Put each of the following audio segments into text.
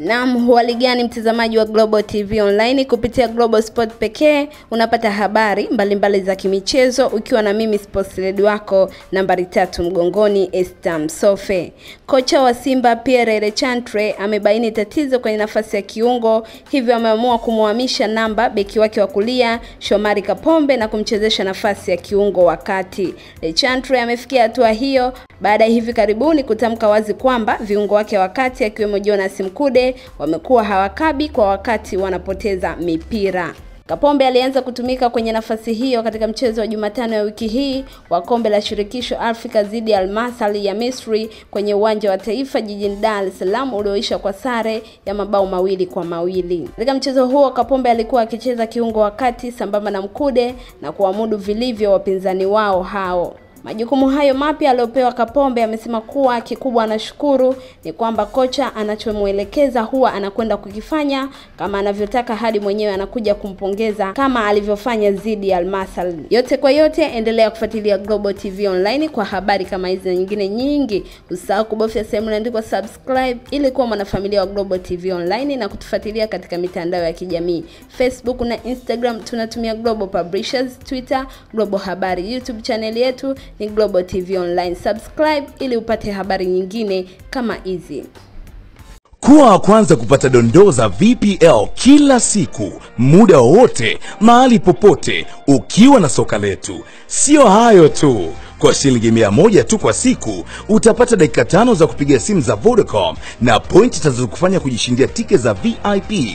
Naam, huhali gani mtazamaji wa Global TV Online? Kupitia Global Sport pekee unapata habari mbalimbali za kimichezo ukiwa na mimi sports lady wako nambari tatu mgongoni Esther Msofe. Kocha wa Simba Pierre Lechantre amebaini tatizo kwenye nafasi ya kiungo, hivyo ameamua kumhamisha namba beki wake wa kulia Shomari Kapombe na kumchezesha nafasi ya kiungo wakati. Lechantre amefikia hatua hiyo baada ya hivi karibuni kutamka wazi kwamba viungo wake wakati akiwemo Jonas Mkude wamekuwa hawakabi kwa wakati wanapoteza mipira. Kapombe alianza kutumika kwenye nafasi hiyo katika mchezo wa Jumatano ya wiki hii wa kombe la shirikisho Afrika dhidi ya Al Masry ya Misri kwenye uwanja wa Taifa jijini Dar es Salaam ulioisha kwa sare ya mabao mawili kwa mawili. Katika mchezo huo, Kapombe alikuwa akicheza kiungo wa kati sambamba na Mkude na kuamudu vilivyo wapinzani wao hao. Majukumu hayo mapya aliyopewa Kapombe amesema kuwa kikubwa anashukuru ni kwamba kocha anachomwelekeza huwa anakwenda kukifanya kama anavyotaka, hadi mwenyewe anakuja kumpongeza kama alivyofanya dhidi ya Almasal. Yote kwa yote, endelea kufuatilia Global TV Online kwa habari kama hizi na nyingine nyingi. Usisahau kubofya sehemu inaandikwa subscribe ili kuwa mwanafamilia wa Global TV Online na kutufuatilia katika mitandao ya kijamii Facebook na Instagram tunatumia Global Publishers, Twitter Global Habari, YouTube channel yetu ni Global TV Online. Subscribe ili upate habari nyingine kama hizi. Kuwa wa kwanza kupata dondoo za VPL kila siku, muda wowote, mahali popote, ukiwa na soka letu. Sio hayo tu, kwa shilingi mia moja tu kwa siku utapata dakika tano za kupiga simu za Vodacom na pointi tazokufanya kujishindia tiketi za VIP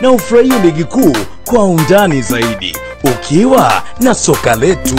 na ufurahie ligi kuu kwa undani zaidi ukiwa na soka letu.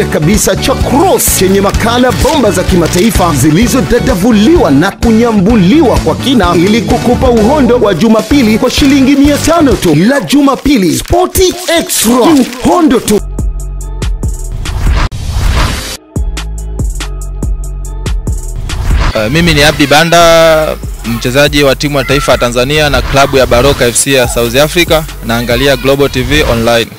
bure kabisa cha Cross chenye makala bomba za kimataifa zilizodadavuliwa na kunyambuliwa kwa kina ili kukupa uhondo wa Jumapili kwa shilingi tano tu. La Jumapili Sporty Extra, uhondo tu. Uh, mimi ni Abdi Banda mchezaji wa timu ya taifa ya Tanzania na klabu ya Baroka FC ya South Africa, naangalia Global TV Online.